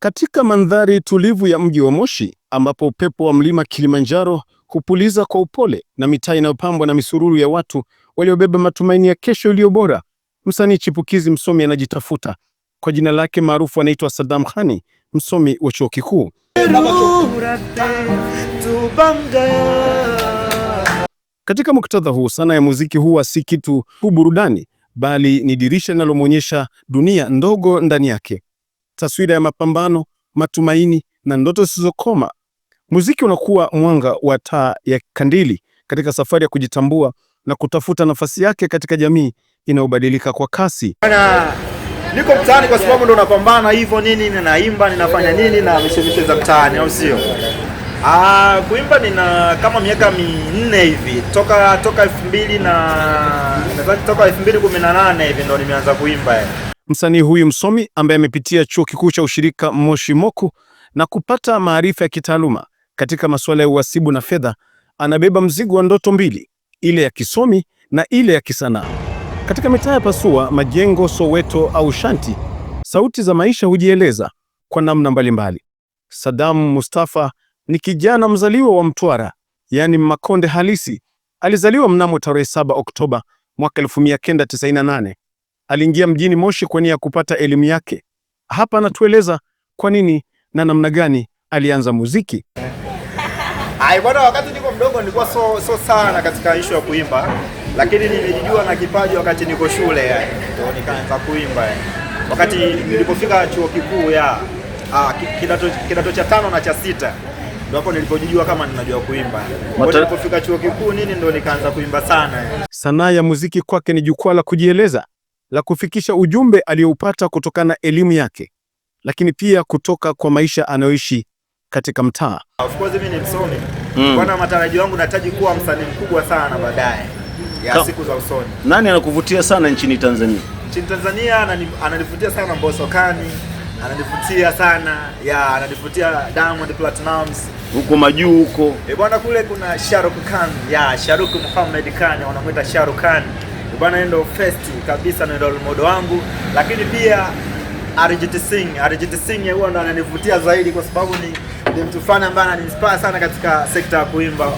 Katika mandhari tulivu ya mji wa Moshi ambapo upepo wa mlima Kilimanjaro hupuliza kwa upole na mitaa inayopambwa na misururu ya watu waliobeba matumaini ya kesho iliyo bora, msanii chipukizi msomi anajitafuta. Kwa jina lake maarufu anaitwa Saddam Khani, msomi wa chuo kikuu. Katika muktadha huu, sanaa ya muziki huwa si kitu tu burudani, bali ni dirisha linalomwonyesha dunia ndogo ndani yake taswira ya mapambano, matumaini na ndoto zisizokoma. Muziki unakuwa mwanga wa taa ya kandili katika safari ya kujitambua na kutafuta nafasi yake katika jamii inayobadilika kwa kasi. Ana, niko mtaani kwa sababu ndo napambana hivyo nini, ninaimba ninafanya nini na mishemishe za mtaani, au sio? Ah, kuimba nina kama miaka minne hivi toka toka elfu mbili na nadhani toka elfu mbili kumi na nane hivi ndo nimeanza kuimba eh. Msanii huyu msomi ambaye amepitia chuo kikuu cha ushirika Moshi Moku na kupata maarifa ya kitaaluma katika masuala ya uhasibu na fedha, anabeba mzigo wa ndoto mbili, ile ya kisomi na ile ya kisanaa. Katika mitaa ya Pasua, Majengo, Soweto au Shanti, sauti za maisha hujieleza kwa namna mbalimbali. Sadamu Mustafa ni kijana mzaliwa wa Mtwara, yaani Makonde halisi. Alizaliwa mnamo tarehe 7 Oktoba mwaka 1998 aliingia mjini Moshi kwa nia ya kupata elimu yake. Hapa anatueleza kwa nini na namna gani alianza muziki. Ai bwana, wakati niko mdogo nilikuwa so, so sana katika ishu ya kuimba, lakini nilijua na kipaji wakati niko shule ya. Eh. Ndio nikaanza kuimba ya. Eh. Wakati nilipofika chuo kikuu ya ah, kidato, kidato cha tano na cha sita ndio hapo nilipojijua kama ninajua kuimba. Nilipofika chuo kikuu nini ndio nikaanza kuimba sana. Eh. Sanaa ya muziki kwake ni jukwaa la kujieleza la kufikisha ujumbe aliyoupata kutokana na elimu yake, lakini pia kutoka kwa maisha anayoishi katika mtaa. Of course mimi ni msomi mm. Kwa na matarajio yangu nataji kuwa msanii mkubwa sana baadaye ya Ka siku za usoni. Nani anakuvutia sana nchini Tanzania? Nchini Tanzania ananivutia sana Mbosso Kani, ananivutia sana ya ananivutia Diamond Platnumz huko majuu huko. Eh, bwana kule kuna Sharuk Khan, ya Sharuk Muhammad Khan wanamwita Sharuk Khan bwana ndo first kabisa na ndo modo wangu, lakini pia Arijit Singh. Arijit Singh huwa ndo ananivutia zaidi kwa sababu ni, ni mtu fulani ambaye ananiinspire sana katika sekta ya kuimba.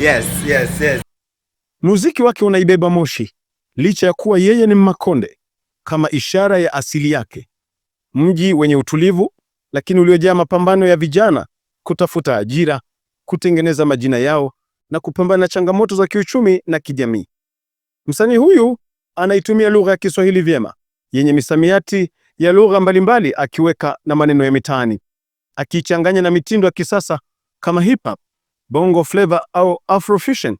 Yes, yes, yes. Muziki wake unaibeba Moshi licha ya kuwa yeye ni Mmakonde, kama ishara ya asili yake, mji wenye utulivu lakini uliojaa mapambano ya vijana kutafuta ajira, kutengeneza majina yao na kupambana na changamoto za kiuchumi na kijamii. Msanii huyu anaitumia lugha ya Kiswahili vyema yenye misamiati ya lugha mbalimbali, akiweka na maneno ya mitaani, akichanganya na mitindo ya kisasa kama hip hop, bongo flavor au afrofusion,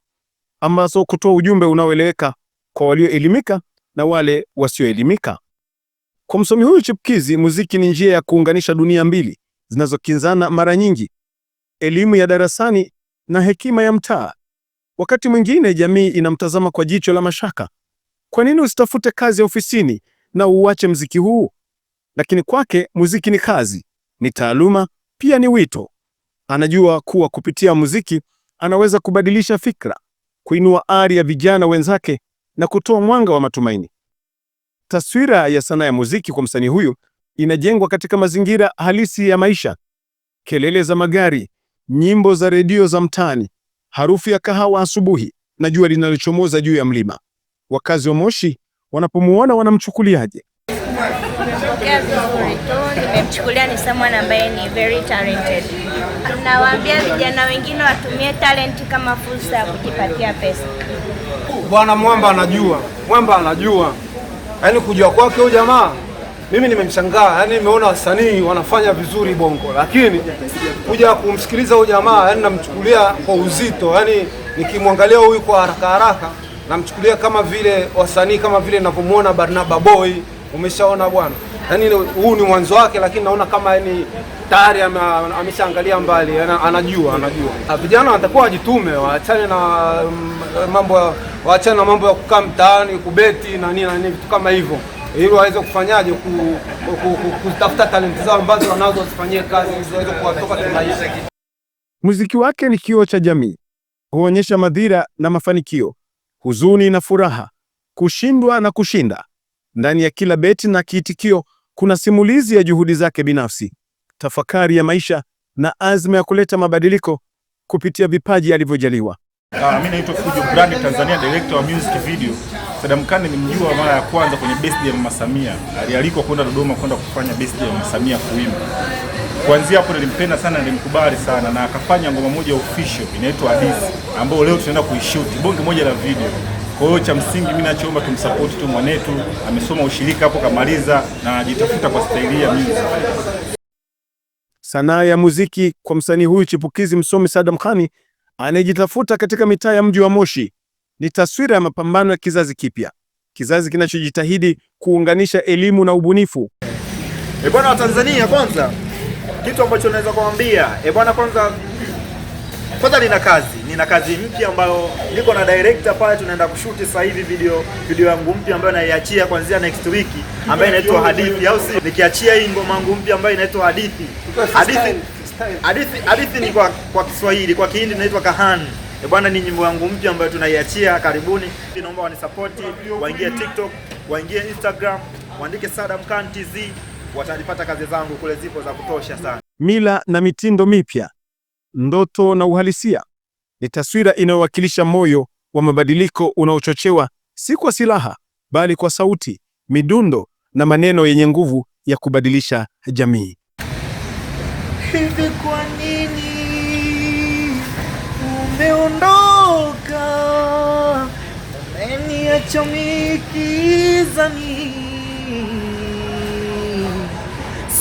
ambazo kutoa ujumbe unaoeleweka kwa walioelimika na wale wasioelimika. Kwa msomi huyu chipkizi, muziki ni njia ya kuunganisha dunia mbili zinazokinzana mara nyingi, elimu ya darasani na hekima ya mtaa. Wakati mwingine jamii inamtazama kwa jicho la mashaka. Kwa nini usitafute kazi ya ofisini na uache mziki huu? Lakini kwake muziki ni kazi, ni taaluma, pia ni wito. Anajua kuwa kupitia muziki anaweza kubadilisha fikra, kuinua ari ya vijana wenzake na kutoa mwanga wa matumaini. Taswira ya sanaa ya muziki kwa msanii huyu inajengwa katika mazingira halisi ya maisha: kelele za magari, nyimbo za redio za mtaani harufu ya kahawa asubuhi na jua linalochomoza juu ya mlima. Wakazi wa Moshi wanapomuona wanamchukuliaje? Nimemchukulia ni someone ambaye ni very talented. Nawaambia vijana wengine watumie talent kama fursa ya kujipatia pesa. Bwana Mwamba anajua, Mwamba anajua, yaani kujua kwake huyu jamaa mimi nimemshangaa, yani nimeona wasanii wanafanya vizuri Bongo, lakini kuja kumsikiliza huyu jamaa, yani namchukulia kwa uzito, yani nikimwangalia huyu kwa haraka haraka namchukulia kama vile wasanii kama vile ninavyomuona Barnaba Boy, umeshaona bwana. Yani huu ni mwanzo wake, lakini naona kama yani tayari ameshaangalia mbali, anajua anajua. Ah, vijana watakuwa wajitume, waachane na mm, mambo, waachane na mambo ya kukaa mtaani kubeti na nini na nini, vitu kama hivyo ili waweze kufanyaje kutafuta talenti zao ambazo wanazo wazifanyie kazi ili waweze kuwatoka kimaisha. Muziki wake ni kioo cha jamii, huonyesha madhira na mafanikio, huzuni na furaha, kushindwa na kushinda. Ndani ya kila beti na kiitikio kuna simulizi ya juhudi zake binafsi, tafakari ya maisha na azma ya kuleta mabadiliko kupitia vipaji alivyojaliwa. Ah, mimi naitwa Fujo Brand Tanzania, director wa music video. Sadam Khan nimemjua mara ya kwanza kwenye best ya Mama Samia. Alialikwa kwenda Dodoma kwenda kufanya best ya Mama Samia kuimba. Kuanzia hapo nilimpenda sana, nilimkubali sana na akafanya ngoma moja official inaitwa Hadithi ambayo leo tunaenda kuishoot bonge moja la video. Kwa hiyo cha msingi mimi nachoomba tumsupport tu mwanetu, amesoma ushirika hapo kamaliza na ajitafuta kwa staili ya mimi. Sanaa ya muziki kwa msanii huyu chipukizi msomi Saddam Khan anayejitafuta katika mitaa ya mji wa Moshi ni taswira ya mapambano ya kizazi kipya, kizazi kinachojitahidi kuunganisha elimu na ubunifu. E bwana wa Tanzania, kwanza kitu ambacho naweza kuambia e bwana, kwanza kwanza nina kazi nina kazi mpya ambayo niko na director pale, tunaenda kushuti sasa hivi video video yangu mpya ambayo naiachia kuanzia next week ambayo inaitwa Hadithi, au si nikiachia hii ngoma yangu mpya ambayo inaitwa Hadithi. Hadithi hadithi hadithi ni kwa kwa Kiswahili, kwa Kihindi inaitwa Kahani. E bwana, ni nyimbo yangu mpya ambayo tunaiachia karibuni. Naomba wanisapoti, waingie TikTok, waingie Instagram, waandike Saddam Khan TZ, watalipata kazi zangu kule, zipo za kutosha sana. Mila na mitindo mipya, ndoto na uhalisia ni taswira inayowakilisha moyo wa mabadiliko unaochochewa si kwa silaha, bali kwa sauti, midundo na maneno yenye nguvu ya kubadilisha jamii. Hivi kwa nini umeondoka, umeniacha gizani,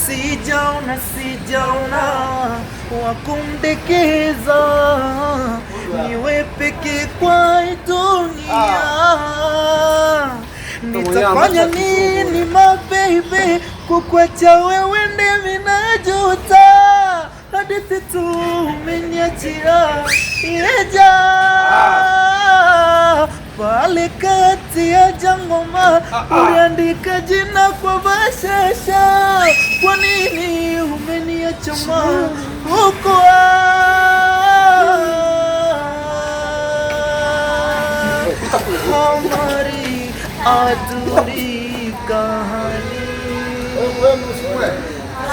sijaona sijaona wa kumdekeza, niwe peke kwa dunia, nitafanya nini mabebe, kukwacha wewe, ndimi najuta بدفته من يتيا يجا Malekati ya jangoma uliandika jina kwa bashasha. Kwa nini umeniacha huko? Hamari aduri kahani oh, oh, oh,